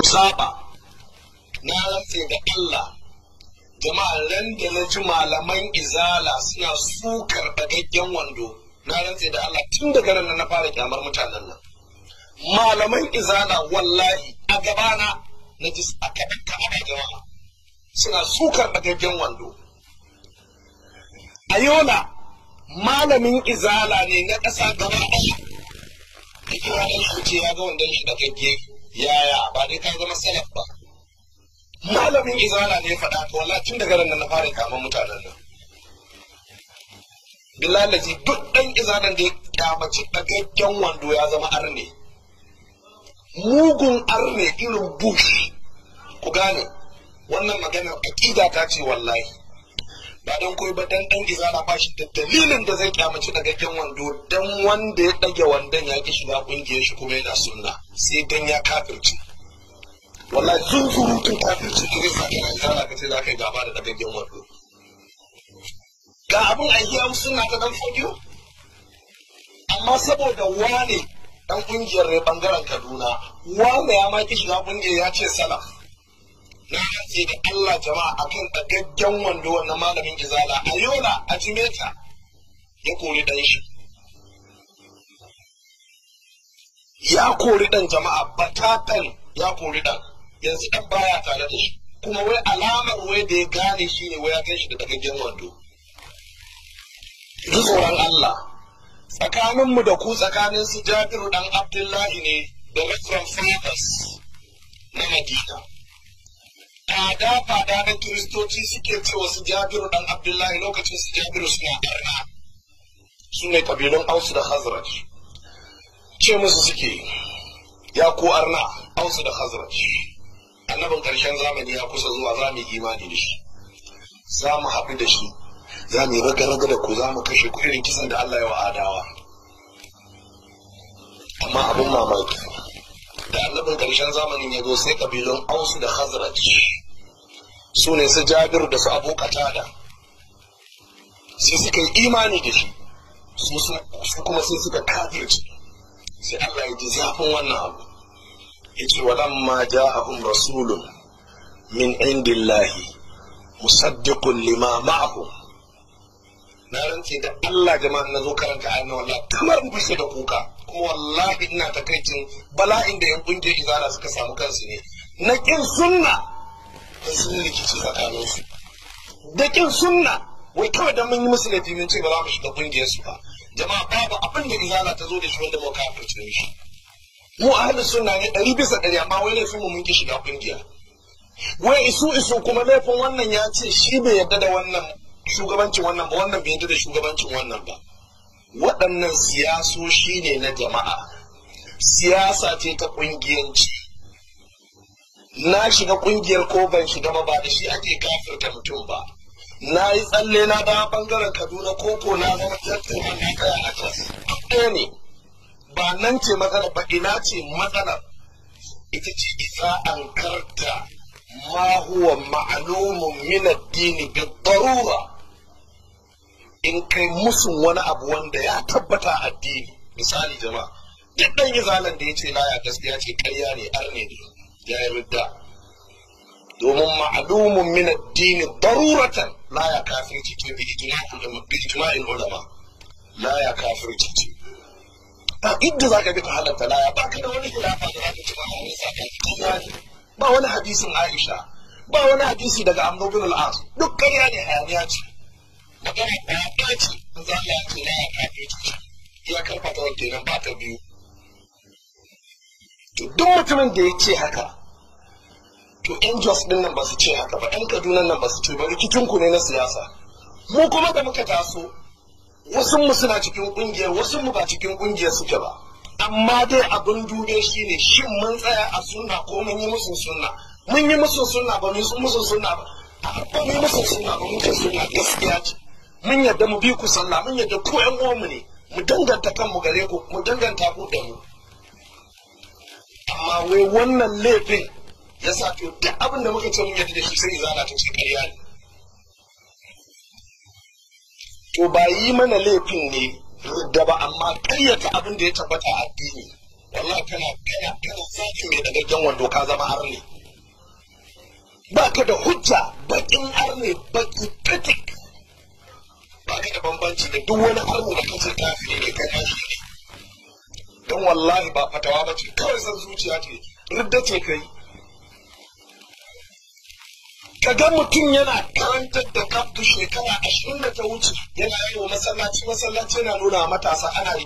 ku saba na rantse da Allah jama'a ran da na ji malaman izala suna sukar bagaggen wando na rantse da Allah tun daga nan na fara kyamar mutanen nan malaman izala wallahi a gabana na ji a kaɗa a jama'a suna sukar bagaggen wando a yola malamin izala ne na ƙasa gaba ɗaya da kira ya ga wanda shi bagagge yaya ba dai ka zama salaf ba malamin izala ne faɗa to wala tun daga nan na fara kama mutanen nan bilalaji duk ɗan izalan da ya kyamaci ɗagaggen wando ya zama arne mugun arne irin bushi ku gane wannan maganar aƙida ta ce wallahi ba don koyi ba dan dan izala ba shi da dalilin da zai kyamaci gaggen wando dan wanda ya dage wandon ya ki shiga kungiyar shi kuma yana sunna sai dan ya kafirci wallahi sun surutun kafirci da zai saka na izala ka ce za ka yi gaba da dagaggen wando ga abin ayyamu suna ta dan fodiyo amma saboda wane dan kungiyar ne bangaren kaduna wane ya ma ki shiga kungiyar ya ce Salam. na hatsi da Allah jama'a akan ɗagaggen wando wannan malamin izala a yola a jimeta ya kori ɗan shi ya kori ɗan jama'a batatan ya kori ɗan yanzu ɗan baya tare da shi kuma wai alamar wai da ya gane shi ne wai ya kai shi da ɗagaggen wando duk tsoron Allah tsakaninmu da ku tsakanin su jabiru ɗan abdullahi ne da Reverend Fathers na Madina. tsada fada na kiristoci suke ce wasu jabiru dan abdullahi lokacin su jabiru suna arna su ne kabilun ausu da hazraj ce musu suke ya ku arna ausu da hazraj annabin ƙarshen zamani ya kusa zuwa za mu yi imani da shi za mu haɗu da shi za mu yi raga da ku za mu kashe ku irin kisan da Allah ya wa adawa amma abin mamaki da annabin ƙarshen zamanin ya zo sai ƙabilun ausu da hazraj su ne su jabir da su abu katada sai suka yi imani da shi su kuma sai suka kafirci sai Allah ya ji zafin wannan abu ya ce ja abun rasulun min indillahi musaddiqun lima na rantse da Allah jama'a na zo karanta ayyana wallahi kamar bushe da kuka kuma wallahi ina takaicin bala'in da yan kungiyar izara suka samu kansu ne na kin sunna da sun rikici tsakanin su da kin sunna wai kawai dan mun yi musu laifi mun ce ba za mu shiga kungiyar su ba jama'a babu abin da izala ta zo da shi wanda mu ka furce shi mu ahlus sunna ne ɗari bisa ɗari amma wai laifin mu mun ki shiga kungiya wai isu isu kuma laifin wannan ya ce shi bai yarda da wannan shugabancin wannan ba wannan bai yarda da shugabancin wannan ba waɗannan siyasoshi ne na jama'a siyasa ce ta ƙungiyanci na shiga kungiyar ko ban shiga ba da shi ake kafirta mutum ba na yi tsalle na da bangaren kaduna ko ko na zama tattalin na kaya na kas ɗaya ne ba nan ce matsalar ba ina ce matsalar ita ce isa an karta ma huwa ma'alumun min addini bi darura in kai musun wani abu wanda ya tabbata addini misali jama'a duk dan izalan da yace laya gaskiya ce karya ne arne ne ya yi domin ma'alumun min addini daruratan la ya kafirci ce bi ijma'in ulama la ya kafirci ce ba idda za ka bi ka halatta la ya ba ka da wani hilafa da za ka ci ba wani sakamaki ba wani hadisin Aisha ba wani hadisi daga Amr bin al duk ƙarya ne hayaniya ce magana ya ɓaci in za ya ce la ya kafirci ce ya karfata wanda ya ba ta biyu to duk mutumin da ya ce haka to yan jos din nan ba su ce haka ba ɗan kaduna nan ba su ce ba rikicin ku ne na siyasa mu kuma da muka taso wasu mu suna cikin kungiyar wasu mu ba cikin kungiyar suke ba amma dai abin shi shine shin mun tsaya a sunna ko mun yi musu sunna mun yi musu sunna ba mun yi musu sunna ba ko mun yi musu sunna ba mun ce sunna gaskiya ce mun yadda mu bi ku sallah mun yadda ku ƴan uwanmu ne mu danganta kanmu gare ku mu danganta ku da mu amma wai wannan laifin ya sa to duk abin da muka ce mun yadda da shi sai zana ta ce ƙarya ne to ba yi mana laifin ne da ba amma ƙayyata abin da ya tabbata a addini wallahi kana kana kana sakin mai dagaggen wando ka zama arne ba ka da hujja baƙin arne baƙi tatik ba ka da bambanci da duk wani arne da kasar kafiri ne kai kashi ne don wallahi ba fatawa ba ce kawai san zuciya ce ridda ce kai ka ga mutum yana karantar da kaftu shekara ashirin da ta wuce yana yi wa masallaci masallaci yana nuna matasa ana